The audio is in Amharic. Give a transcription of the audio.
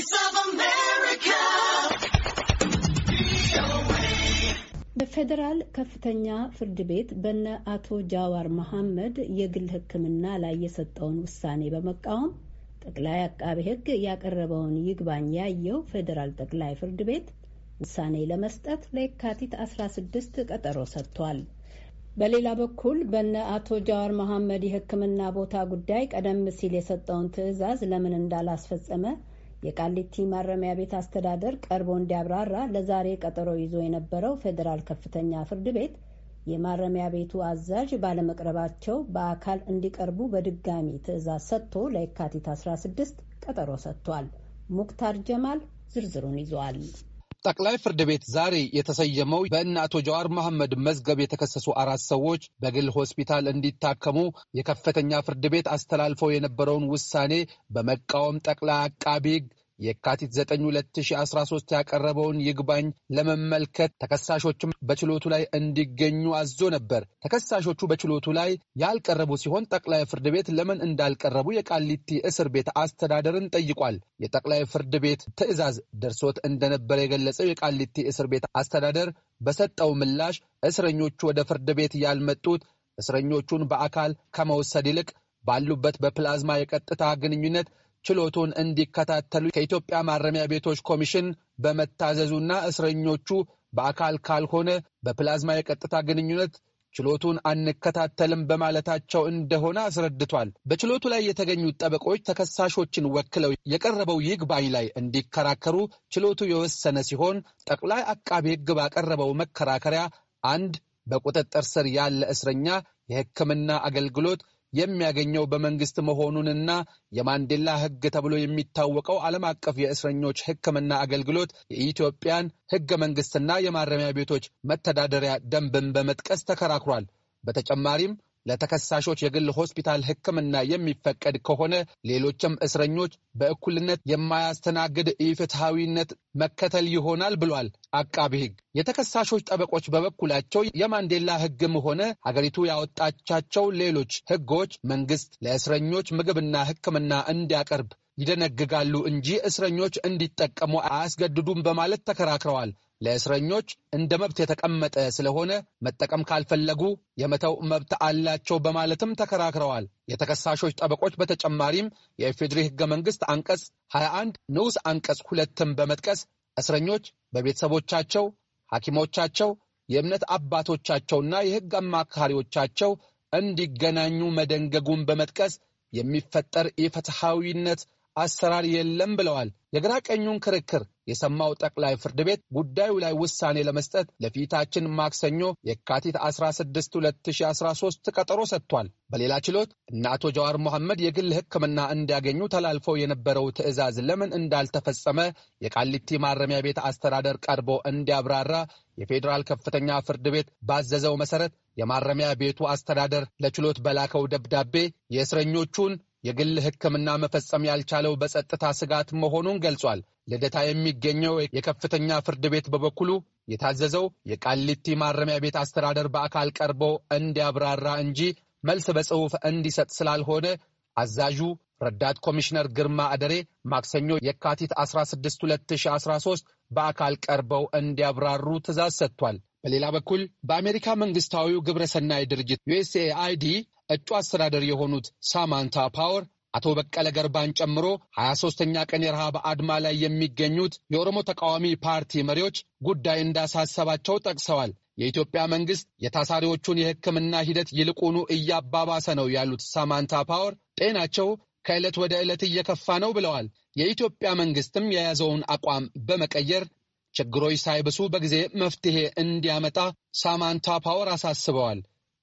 Voice of America. በፌዴራል ከፍተኛ ፍርድ ቤት በነ አቶ ጃዋር መሐመድ የግል ሕክምና ላይ የሰጠውን ውሳኔ በመቃወም ጠቅላይ አቃቤ ሕግ ያቀረበውን ይግባኝ ያየው ፌዴራል ጠቅላይ ፍርድ ቤት ውሳኔ ለመስጠት ለየካቲት 16 ቀጠሮ ሰጥቷል። በሌላ በኩል በነ አቶ ጃዋር መሐመድ የህክምና ቦታ ጉዳይ ቀደም ሲል የሰጠውን ትዕዛዝ ለምን እንዳላስፈጸመ የቃሊቲ ማረሚያ ቤት አስተዳደር ቀርቦ እንዲያብራራ ለዛሬ ቀጠሮ ይዞ የነበረው ፌዴራል ከፍተኛ ፍርድ ቤት የማረሚያ ቤቱ አዛዥ ባለመቅረባቸው በአካል እንዲቀርቡ በድጋሚ ትዕዛዝ ሰጥቶ ለየካቲት 16 ቀጠሮ ሰጥቷል። ሙክታር ጀማል ዝርዝሩን ይዟል። ጠቅላይ ፍርድ ቤት ዛሬ የተሰየመው በእነ አቶ ጀዋር መሐመድ መዝገብ የተከሰሱ አራት ሰዎች በግል ሆስፒታል እንዲታከሙ የከፍተኛ ፍርድ ቤት አስተላልፈው የነበረውን ውሳኔ በመቃወም ጠቅላይ አቃቢ ሕግ የካቲት 9 2013 ያቀረበውን ይግባኝ ለመመልከት ተከሳሾችም በችሎቱ ላይ እንዲገኙ አዞ ነበር። ተከሳሾቹ በችሎቱ ላይ ያልቀረቡ ሲሆን ጠቅላይ ፍርድ ቤት ለምን እንዳልቀረቡ የቃሊቲ እስር ቤት አስተዳደርን ጠይቋል። የጠቅላይ ፍርድ ቤት ትዕዛዝ ደርሶት እንደነበረ የገለጸው የቃሊቲ እስር ቤት አስተዳደር በሰጠው ምላሽ እስረኞቹ ወደ ፍርድ ቤት ያልመጡት እስረኞቹን በአካል ከመውሰድ ይልቅ ባሉበት በፕላዝማ የቀጥታ ግንኙነት ችሎቱን እንዲከታተሉ ከኢትዮጵያ ማረሚያ ቤቶች ኮሚሽን በመታዘዙና እስረኞቹ በአካል ካልሆነ በፕላዝማ የቀጥታ ግንኙነት ችሎቱን አንከታተልም በማለታቸው እንደሆነ አስረድቷል። በችሎቱ ላይ የተገኙት ጠበቆች ተከሳሾችን ወክለው የቀረበው ይግባኝ ላይ እንዲከራከሩ ችሎቱ የወሰነ ሲሆን ጠቅላይ አቃቢ ሕግ ባቀረበው መከራከሪያ አንድ በቁጥጥር ስር ያለ እስረኛ የሕክምና አገልግሎት የሚያገኘው በመንግስት መሆኑንና የማንዴላ ሕግ ተብሎ የሚታወቀው ዓለም አቀፍ የእስረኞች ሕክምና አገልግሎት የኢትዮጵያን ሕገ መንግስትና የማረሚያ ቤቶች መተዳደሪያ ደንብን በመጥቀስ ተከራክሯል። በተጨማሪም ለተከሳሾች የግል ሆስፒታል ሕክምና የሚፈቀድ ከሆነ ሌሎችም እስረኞች በእኩልነት የማያስተናግድ ኢፍትሐዊነት መከተል ይሆናል ብሏል አቃቢ ሕግ። የተከሳሾች ጠበቆች በበኩላቸው የማንዴላ ሕግም ሆነ ሀገሪቱ ያወጣቻቸው ሌሎች ሕጎች መንግስት ለእስረኞች ምግብና ሕክምና እንዲያቀርብ ይደነግጋሉ እንጂ እስረኞች እንዲጠቀሙ አያስገድዱም በማለት ተከራክረዋል። ለእስረኞች እንደ መብት የተቀመጠ ስለሆነ መጠቀም ካልፈለጉ የመተው መብት አላቸው በማለትም ተከራክረዋል። የተከሳሾች ጠበቆች በተጨማሪም የኢፌዴሪ ሕገ መንግሥት አንቀጽ 21 ንዑስ አንቀጽ ሁለትም በመጥቀስ እስረኞች በቤተሰቦቻቸው፣ ሐኪሞቻቸው፣ የእምነት አባቶቻቸውና የሕግ አማካሪዎቻቸው እንዲገናኙ መደንገጉን በመጥቀስ የሚፈጠር ኢፍትሐዊነት አሰራር የለም ብለዋል። የግራ ቀኙን ክርክር የሰማው ጠቅላይ ፍርድ ቤት ጉዳዩ ላይ ውሳኔ ለመስጠት ለፊታችን ማክሰኞ የካቲት 16 2013 ቀጠሮ ሰጥቷል። በሌላ ችሎት እነ አቶ ጀዋር መሐመድ የግል ሕክምና እንዲያገኙ ተላልፈው የነበረው ትዕዛዝ ለምን እንዳልተፈጸመ የቃሊቲ ማረሚያ ቤት አስተዳደር ቀርቦ እንዲያብራራ የፌዴራል ከፍተኛ ፍርድ ቤት ባዘዘው መሰረት የማረሚያ ቤቱ አስተዳደር ለችሎት በላከው ደብዳቤ የእስረኞቹን የግል ሕክምና መፈጸም ያልቻለው በጸጥታ ስጋት መሆኑን ገልጿል። ልደታ የሚገኘው የከፍተኛ ፍርድ ቤት በበኩሉ የታዘዘው የቃሊቲ ማረሚያ ቤት አስተዳደር በአካል ቀርቦ እንዲያብራራ እንጂ መልስ በጽሑፍ እንዲሰጥ ስላልሆነ አዛዡ ረዳት ኮሚሽነር ግርማ አደሬ ማክሰኞ የካቲት 16 2013 በአካል ቀርበው እንዲያብራሩ ትእዛዝ ሰጥቷል። በሌላ በኩል በአሜሪካ መንግስታዊው ግብረ ሰናይ ድርጅት ዩኤስኤአይዲ እጩ አስተዳደር የሆኑት ሳማንታ ፓወር አቶ በቀለ ገርባን ጨምሮ 23 ተኛ ቀን የረሃብ አድማ ላይ የሚገኙት የኦሮሞ ተቃዋሚ ፓርቲ መሪዎች ጉዳይ እንዳሳሰባቸው ጠቅሰዋል። የኢትዮጵያ መንግስት የታሳሪዎቹን የሕክምና ሂደት ይልቁኑ እያባባሰ ነው ያሉት ሳማንታ ፓወር ጤናቸው ከዕለት ወደ ዕለት እየከፋ ነው ብለዋል። የኢትዮጵያ መንግስትም የያዘውን አቋም በመቀየር ችግሮች ሳይብሱ በጊዜ መፍትሄ እንዲያመጣ ሳማንታ ፓወር አሳስበዋል።